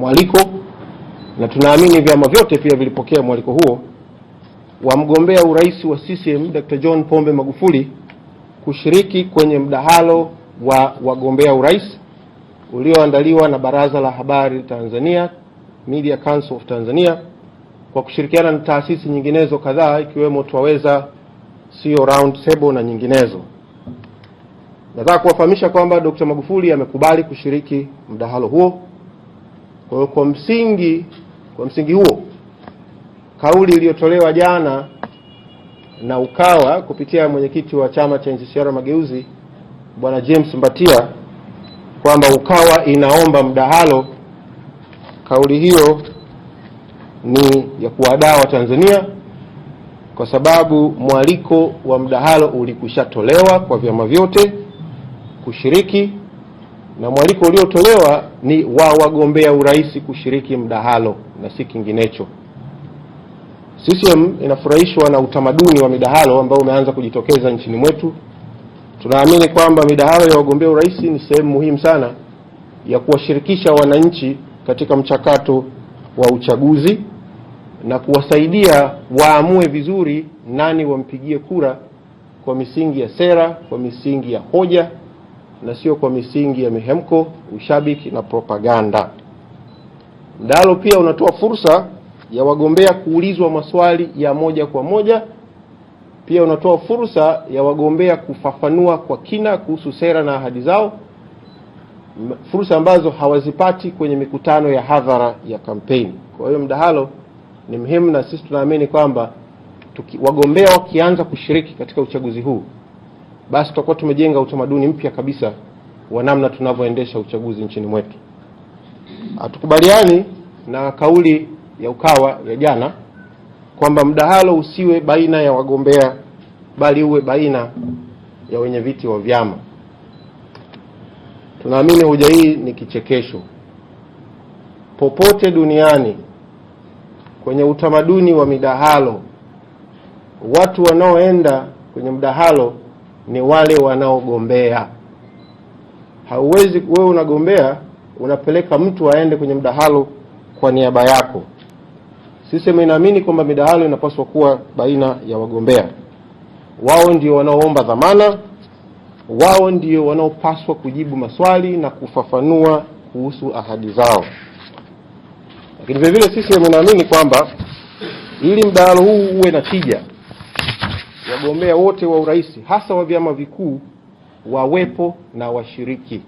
mwaliko na tunaamini vyama vyote pia vilipokea mwaliko huo wa mgombea urais wa CCM Dr. John Pombe Magufuli kushiriki kwenye mdahalo wa wagombea urais ulioandaliwa na Baraza la Habari Tanzania, Media Council of Tanzania, kwa kushirikiana na taasisi nyinginezo kadhaa ikiwemo Twaweza, sio e Round Table na nyinginezo. Nataka kuwafahamisha kwamba Dr. Magufuli amekubali kushiriki mdahalo huo kwa hiyo kwa msingi kwa msingi huo kauli iliyotolewa jana na Ukawa kupitia mwenyekiti wa chama cha NCCR Mageuzi Bwana James Mbatia kwamba Ukawa inaomba mdahalo, kauli hiyo ni ya kuwadaa tanzania kwa sababu mwaliko wa mdahalo ulikushatolewa kwa vyama vyote kushiriki na mwaliko uliotolewa ni wa wagombea urais kushiriki mdahalo na si kinginecho. CCM inafurahishwa na utamaduni wa midahalo ambao umeanza kujitokeza nchini mwetu. Tunaamini kwamba midahalo ya wagombea urais ni sehemu muhimu sana ya kuwashirikisha wananchi katika mchakato wa uchaguzi na kuwasaidia waamue vizuri nani wampigie kura kwa misingi ya sera, kwa misingi ya hoja na sio kwa misingi ya mihemko, ushabiki na propaganda. Mdahalo pia unatoa fursa ya wagombea kuulizwa maswali ya moja kwa moja. Pia unatoa fursa ya wagombea kufafanua kwa kina kuhusu sera na ahadi zao, fursa ambazo hawazipati kwenye mikutano ya hadhara ya kampeni. Kwa hiyo mdahalo ni muhimu, na sisi tunaamini kwamba wagombea wakianza kushiriki katika uchaguzi huu basi tutakuwa tumejenga utamaduni mpya kabisa wa namna tunavyoendesha uchaguzi nchini mwetu. Hatukubaliani na kauli ya Ukawa ya jana kwamba mdahalo usiwe baina ya wagombea bali uwe baina ya wenye viti wa vyama. Tunaamini hoja hii ni kichekesho. Popote duniani kwenye utamaduni wa midahalo, watu wanaoenda kwenye mdahalo ni wale wanaogombea. Hauwezi wewe unagombea, unapeleka mtu aende kwenye mdahalo kwa niaba yako. Sisi inaamini kwamba midahalo inapaswa kuwa baina ya wagombea. Wao ndio wanaoomba dhamana, wao ndio wanaopaswa kujibu maswali na kufafanua kuhusu ahadi zao. Lakini vile vile sisi inaamini kwamba ili mdahalo huu uwe na tija wagombea wote wa urais hasa wa vyama vikuu wawepo na washiriki.